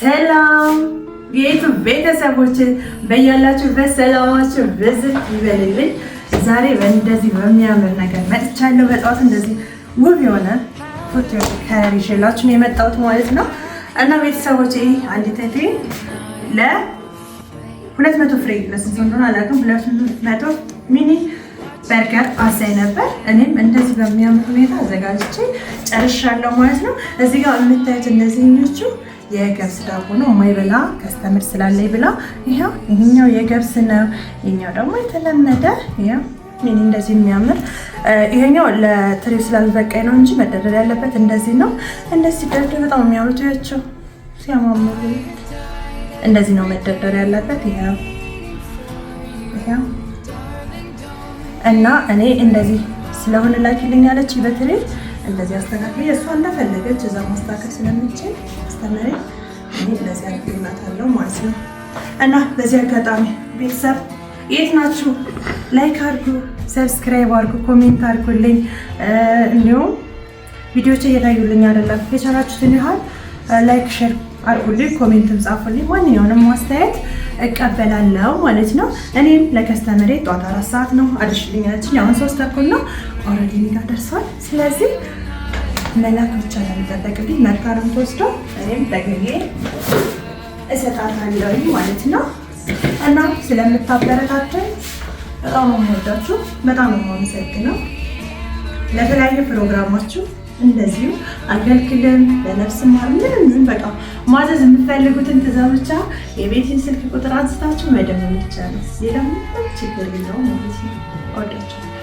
ሰላም ቤቱ ቤተሰቦች በያላችሁበት ሰላማችሁ ብዝት ይበልልኝ። ዛሬ በእንደዚህ በሚያምር ነገር መጥቻለሁ። በጠዋት እንደዚህ ውብ የሆነ ፎቶ ከሪ ነው የመጣሁት ማለት ነው እና ቤተሰቦች ይህ አንዲት እህቴ ለሁለት መቶ ፍሬ ለስንት እንደሆነ አላውቅም፣ ሁለት ሚኒ በርገር አሳይ ነበር። እኔም እንደዚህ በሚያምር ሁኔታ አዘጋጅቼ ጨርሻለሁ ማለት ነው። እዚህ ጋር የምታዩት እነዚህኞቹ የገብስ ዳቦ ነው የማይበላ ከስተምር ስላለኝ ብላ ይኸው ይሄኛው የገብስ ነው። ይሄኛው ደግሞ የተለመደ ይኸው እንደዚህ የሚያምር ይሄኛው ለትሪ ስላልበቃኝ ነው እንጂ መደረድ ያለበት እንደዚህ ነው። እንደዚህ ደርድ በጣም የሚያምሩት ያቸው ሲያማምሩ እንደዚህ ነው መደርደር ያለበት። ይኸው ይኸው እና እኔ እንደዚህ ስለሆነ ላኪልኝ ያለች በትሬ እንደዚህ አስተካክል። እሷ እንደፈለገች እዛ ማስተካከል ስለምችል አስተምሬ እኔ እንደዚህ አድርጌላታለሁ ማለት ነው። እና በዚህ አጋጣሚ ቤተሰብ የት ናችሁ? ላይክ አድርጉ፣ ሰብስክራይብ አድርጉ፣ ኮሜንት አድርጉልኝ። እንዲሁም ቪዲዮች እየታዩልኝ አይደለም? የቻላችሁትን ያህል ላይክ፣ ሼር አድርጉልኝ፣ ኮሜንትም ጻፉልኝ። ማንኛውንም ማስተያየት እቀበላለሁ ማለት ነው። እኔም ለከስተመሬ ጠዋት አራት ሰዓት ነው አድርሽልኝ አለችኝ። አሁን ሶስት ተኩል ነው ኦልሬዲ እኔ ጋር ደርሷል። ስለዚህ መላክ ብቻ ነው የሚጠበቅብኝ። መርካንም ተወስዶ እኔም ጠግቤ እሰጣታለሁ ማለት ነው። እና ስለምታበረታተኝ በጣም ነው የምወዳችሁ፣ በጣም ነው የማመሰግነው። ለተለያየ ፕሮግራማችሁ እንደዚሁ አገልግልን ለነፍስ ማር ምንም ዝም በቃ ማዘዝ የምትፈልጉትን ትእዛዝ ብቻ የቤቴን ስልክ ቁጥር አንስታችሁ መደመም ብቻ ነው። ሌላ ምንም ችግር የለውም ማለት ነው። እወዳችኋለሁ።